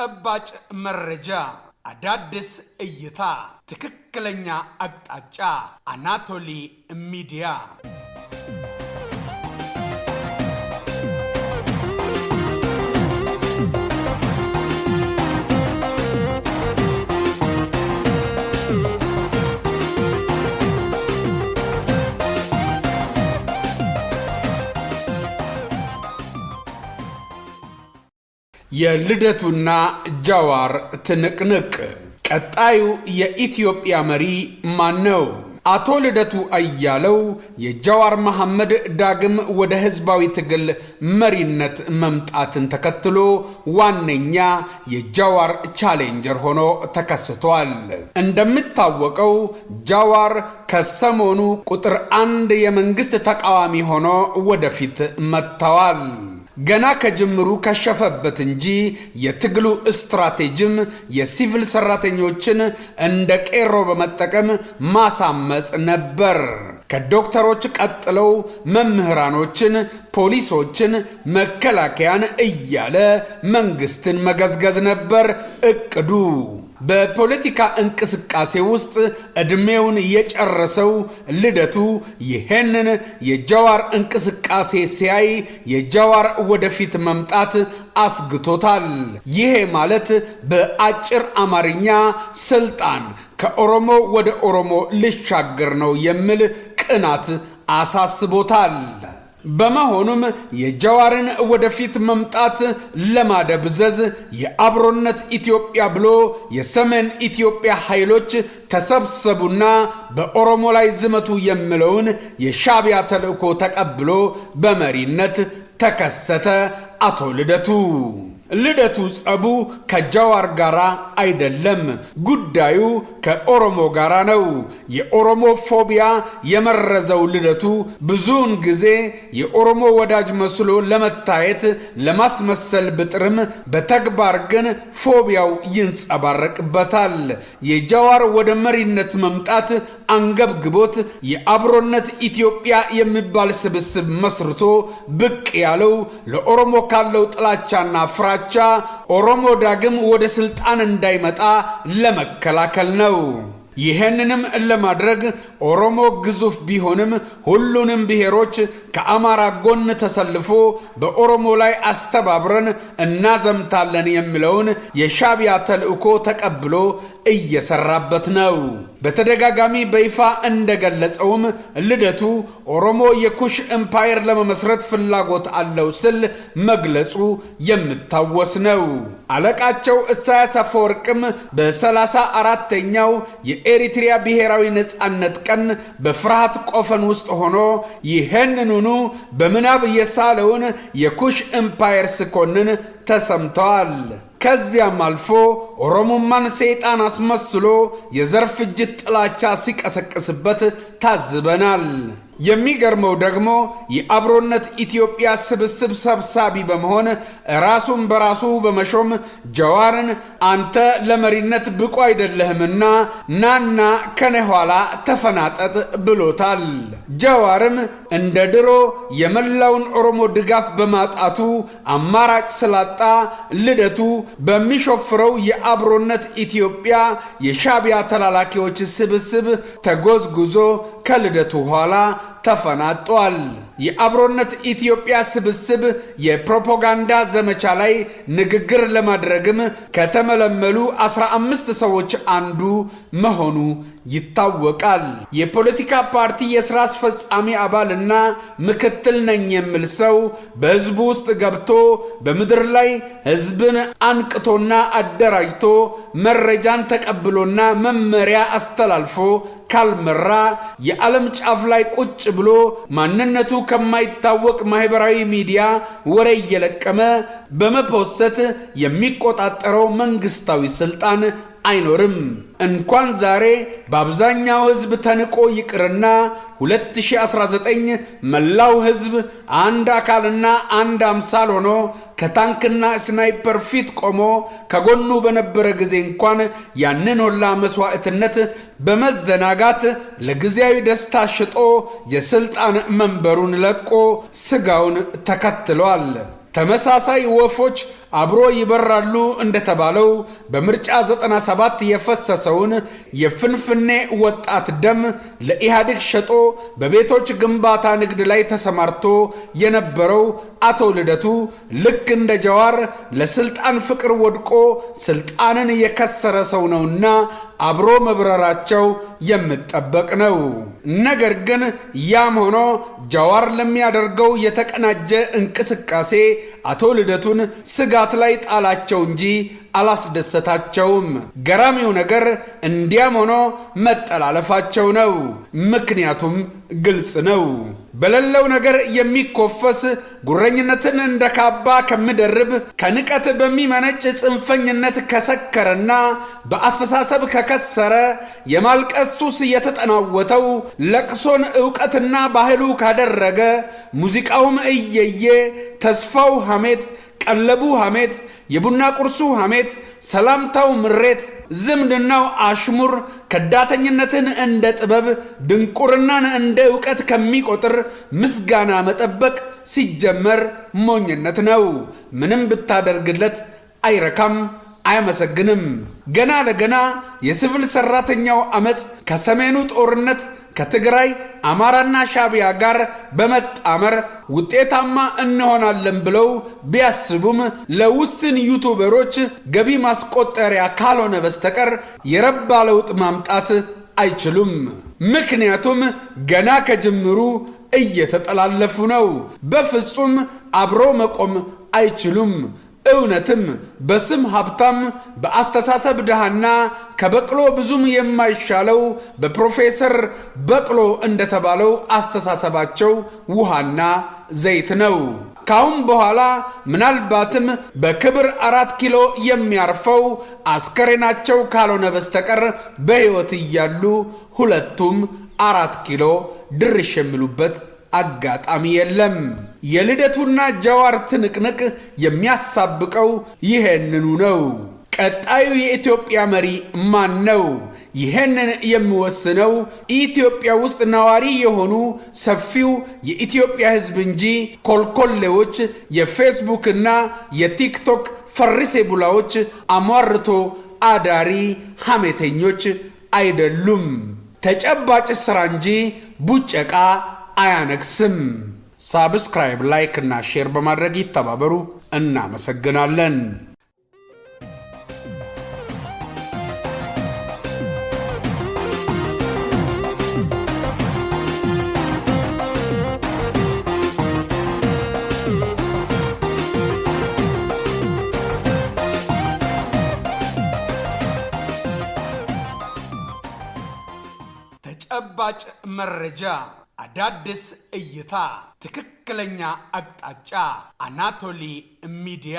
ጨባጭ መረጃ፣ አዳዲስ እይታ፣ ትክክለኛ አቅጣጫ። አናቶሊ ሚዲያ የልደቱና ጃዋር ትንቅንቅ ቀጣዩ የኢትዮጵያ መሪ ማን ነው? አቶ ልደቱ አያለው የጃዋር መሐመድ ዳግም ወደ ህዝባዊ ትግል መሪነት መምጣትን ተከትሎ ዋነኛ የጃዋር ቻሌንጀር ሆኖ ተከስቷል። እንደሚታወቀው ጃዋር ከሰሞኑ ቁጥር አንድ የመንግስት ተቃዋሚ ሆኖ ወደፊት መጥተዋል። ገና ከጅምሩ ከሸፈበት እንጂ የትግሉ ስትራቴጂም የሲቪል ሰራተኞችን እንደ ቄሮ በመጠቀም ማሳመጽ ነበር። ከዶክተሮች ቀጥለው መምህራኖችን፣ ፖሊሶችን፣ መከላከያን እያለ መንግስትን መገዝገዝ ነበር እቅዱ። በፖለቲካ እንቅስቃሴ ውስጥ ዕድሜውን የጨረሰው ልደቱ ይህንን የጀዋር እንቅስቃሴ ሲያይ የጀዋር ወደፊት መምጣት አስግቶታል። ይሄ ማለት በአጭር አማርኛ ስልጣን ከኦሮሞ ወደ ኦሮሞ ልሻገር ነው የሚል ቅናት አሳስቦታል። በመሆኑም የጀዋርን ወደፊት መምጣት ለማደብዘዝ የአብሮነት ኢትዮጵያ ብሎ የሰሜን ኢትዮጵያ ኃይሎች ተሰብሰቡና በኦሮሞ ላይ ዝመቱ የሚለውን የሻቢያ ተልዕኮ ተቀብሎ በመሪነት ተከሰተ። አቶ ልደቱ ልደቱ ጸቡ ከጃዋር ጋር አይደለም፣ ጉዳዩ ከኦሮሞ ጋር ነው። የኦሮሞ ፎቢያ የመረዘው ልደቱ ብዙውን ጊዜ የኦሮሞ ወዳጅ መስሎ ለመታየት ለማስመሰል ብጥርም በተግባር ግን ፎቢያው ይንጸባረቅበታል። የጃዋር ወደ መሪነት መምጣት አንገብግቦት የአብሮነት ኢትዮጵያ የሚባል ስብስብ መስርቶ ብቅ ያለው ለኦሮሞ ካለው ጥላቻና ፍራቻ ኦሮሞ ዳግም ወደ ስልጣን እንዳይመጣ ለመከላከል ነው። ይህንንም ለማድረግ ኦሮሞ ግዙፍ ቢሆንም ሁሉንም ብሔሮች ከአማራ ጎን ተሰልፎ በኦሮሞ ላይ አስተባብረን እናዘምታለን የሚለውን የሻቢያ ተልእኮ ተቀብሎ እየሰራበት ነው። በተደጋጋሚ በይፋ እንደገለጸውም ልደቱ ኦሮሞ የኩሽ ኤምፓየር ለመመስረት ፍላጎት አለው ስል መግለጹ የሚታወስ ነው። አለቃቸው ኢሳያስ አፈወርቅም በሰላሳ አራተኛው የኤሪትሪያ ብሔራዊ ነፃነት ቀን በፍርሃት ቆፈን ውስጥ ሆኖ ይህንኑኑ በምናብ የሳለውን የኩሽ ኤምፓየር ስኮንን ተሰምተዋል። ከዚያም አልፎ ኦሮሞማን ሰይጣን አስመስሎ የዘር ፍጅት ጥላቻ ሲቀሰቅስበት ታዝበናል። የሚገርመው ደግሞ የአብሮነት ኢትዮጵያ ስብስብ ሰብሳቢ በመሆን ራሱን በራሱ በመሾም ጀዋርን አንተ ለመሪነት ብቁ አይደለህምና ናና ከኔ ኋላ ተፈናጠጥ ብሎታል። ጀዋርም እንደ ድሮ የመላውን ኦሮሞ ድጋፍ በማጣቱ አማራጭ ስላጣ ልደቱ በሚሾፍረው የአብሮነት ኢትዮጵያ የሻቢያ ተላላኪዎች ስብስብ ተጎዝጉዞ ከልደቱ ኋላ ተፈናጧል። የአብሮነት ኢትዮጵያ ስብስብ የፕሮፓጋንዳ ዘመቻ ላይ ንግግር ለማድረግም ከተመለመሉ 15 ሰዎች አንዱ መሆኑ ይታወቃል። የፖለቲካ ፓርቲ የስራ አስፈጻሚ አባል እና ምክትል ነኝ የሚል ሰው በህዝቡ ውስጥ ገብቶ በምድር ላይ ህዝብን አንቅቶና አደራጅቶ መረጃን ተቀብሎና መመሪያ አስተላልፎ ካልመራ የዓለም ጫፍ ላይ ቁጭ ብሎ ማንነቱ ከማይታወቅ ማህበራዊ ሚዲያ ወሬ እየለቀመ በመፖሰት የሚቆጣጠረው መንግስታዊ ስልጣን አይኖርም። እንኳን ዛሬ በአብዛኛው ሕዝብ ተንቆ ይቅርና 2019 መላው ሕዝብ አንድ አካልና አንድ አምሳል ሆኖ ከታንክና ስናይፐር ፊት ቆሞ ከጎኑ በነበረ ጊዜ እንኳን ያንን ሁላ መስዋዕትነት በመዘናጋት ለጊዜያዊ ደስታ ሽጦ የስልጣን መንበሩን ለቆ ስጋውን ተከትሏል። ተመሳሳይ ወፎች አብሮ ይበራሉ እንደተባለው በምርጫ 97 የፈሰሰውን የፍንፍኔ ወጣት ደም ለኢህአዴግ ሸጦ በቤቶች ግንባታ ንግድ ላይ ተሰማርቶ የነበረው አቶ ልደቱ ልክ እንደ ጀዋር ለስልጣን ፍቅር ወድቆ ስልጣንን የከሰረ ሰው ነውና አብሮ መብረራቸው የሚጠበቅ ነው። ነገር ግን ያም ሆኖ ጀዋር ለሚያደርገው የተቀናጀ እንቅስቃሴ አቶ ልደቱን ስጋ ደጃት ላይ ጣላቸው እንጂ አላስደሰታቸውም። ገራሚው ነገር እንዲያም ሆኖ መጠላለፋቸው ነው። ምክንያቱም ግልጽ ነው። በሌለው ነገር የሚኮፈስ ጉረኝነትን እንደ ካባ ከሚደርብ ከንቀት በሚመነጭ ጽንፈኝነት ከሰከረና በአስተሳሰብ ከከሰረ የማልቀስ ሱስ የተጠናወተው ለቅሶን እውቀትና ባህሉ ካደረገ ሙዚቃውም እየየ ተስፋው ሐሜት ቀለቡ ሐሜት፣ የቡና ቁርሱ ሐሜት፣ ሰላምታው ምሬት፣ ዝምድናው አሽሙር፣ ከዳተኝነትን እንደ ጥበብ ድንቁርናን እንደ ዕውቀት ከሚቆጥር ምስጋና መጠበቅ ሲጀመር ሞኝነት ነው። ምንም ብታደርግለት አይረካም፣ አያመሰግንም። ገና ለገና የሲቪል ሠራተኛው ዐመፅ ከሰሜኑ ጦርነት ከትግራይ አማራና ሻቢያ ጋር በመጣመር ውጤታማ እንሆናለን ብለው ቢያስቡም ለውስን ዩቱበሮች ገቢ ማስቆጠሪያ ካልሆነ በስተቀር የረባ ለውጥ ማምጣት አይችሉም። ምክንያቱም ገና ከጅምሩ እየተጠላለፉ ነው። በፍጹም አብሮ መቆም አይችሉም። እውነትም በስም ሀብታም በአስተሳሰብ ድሃና ከበቅሎ ብዙም የማይሻለው በፕሮፌሰር በቅሎ እንደተባለው አስተሳሰባቸው ውሃና ዘይት ነው። ካሁን በኋላ ምናልባትም በክብር አራት ኪሎ የሚያርፈው አስከሬናቸው ካልሆነ በስተቀር በሕይወት እያሉ ሁለቱም አራት ኪሎ ድርሽ የሚሉበት አጋጣሚ የለም። የልደቱና ጀዋር ትንቅንቅ የሚያሳብቀው ይሄንኑ ነው። ቀጣዩ የኢትዮጵያ መሪ ማን ነው? ይህንን የሚወስነው ኢትዮጵያ ውስጥ ነዋሪ የሆኑ ሰፊው የኢትዮጵያ ሕዝብ እንጂ ኮልኮሌዎች፣ የፌስቡክና የቲክቶክ ፈሪሴ ቡላዎች፣ አሟርቶ አዳሪ ሐሜተኞች አይደሉም። ተጨባጭ ሥራ እንጂ ቡጨቃ አያነግስም። ሳብስክራይብ፣ ላይክ እና ሼር በማድረግ ይተባበሩ። እናመሰግናለን። ተጨባጭ መረጃ አዳዲስ እይታ፣ ትክክለኛ አቅጣጫ፣ አናቶሊ ሚዲያ